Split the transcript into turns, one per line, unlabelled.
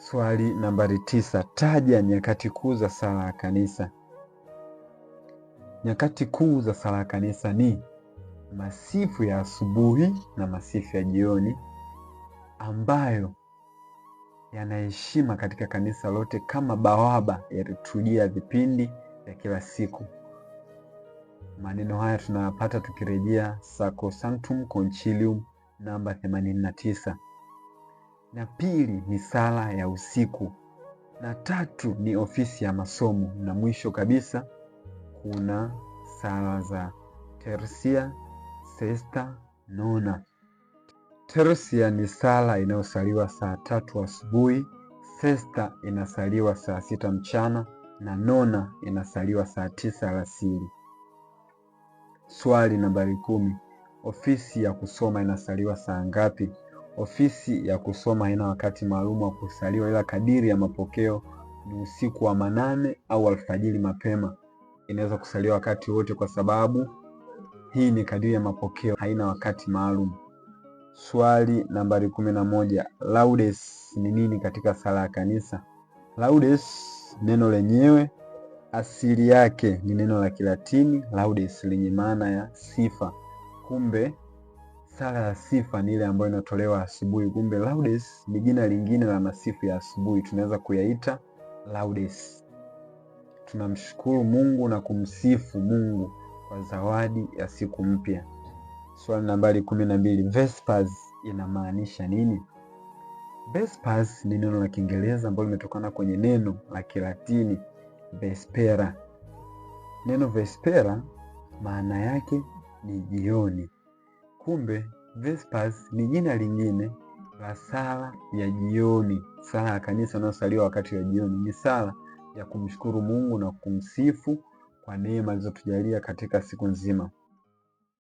Swali nambari tisa, taja nyakati kuu za sala ya kanisa. Nyakati kuu za sala ya kanisa ni masifu ya asubuhi na masifu ya jioni ambayo yanaheshima katika kanisa lote kama bawaba ya liturujia ya vipindi vya kila siku. Maneno haya tunayapata tukirejea Sacrosanctum Concilium namba 89 na pili ni sala ya usiku, na tatu ni ofisi ya masomo, na mwisho kabisa kuna sala za tersia, sesta, nona. Tersia ni sala inayosaliwa saa tatu asubuhi, sesta inasaliwa saa sita mchana na nona inasaliwa saa tisa alasiri. Swali nambari kumi, ofisi ya kusoma inasaliwa saa ngapi? Ofisi ya kusoma haina wakati maalum wa kusaliwa, ila kadiri ya mapokeo ni usiku wa manane au alfajiri mapema. Inaweza kusaliwa wakati wote, kwa sababu hii ni kadiri ya mapokeo, haina wakati maalum. Swali nambari kumi na moja, Laudes ni nini katika sala ya kanisa? Laudes neno lenyewe asili yake ni neno la Kilatini laudes lenye maana ya sifa. Kumbe sala ya sifa ni ile ambayo inatolewa asubuhi. Kumbe laudes ni jina lingine la masifu ya asubuhi, tunaweza kuyaita laudes. Tunamshukuru Mungu na kumsifu Mungu kwa zawadi ya siku mpya. Swali nambari kumi na mbili, Vespers inamaanisha nini? Vespers ni neno la Kiingereza ambalo limetokana kwenye neno la Kilatini vespera. Neno vespera maana yake ni jioni Kumbe vespers ni jina lingine la sala ya jioni. Sala ya kanisa inayosaliwa wakati wa jioni ni sala ya kumshukuru Mungu na kumsifu kwa neema alizotujalia katika siku nzima.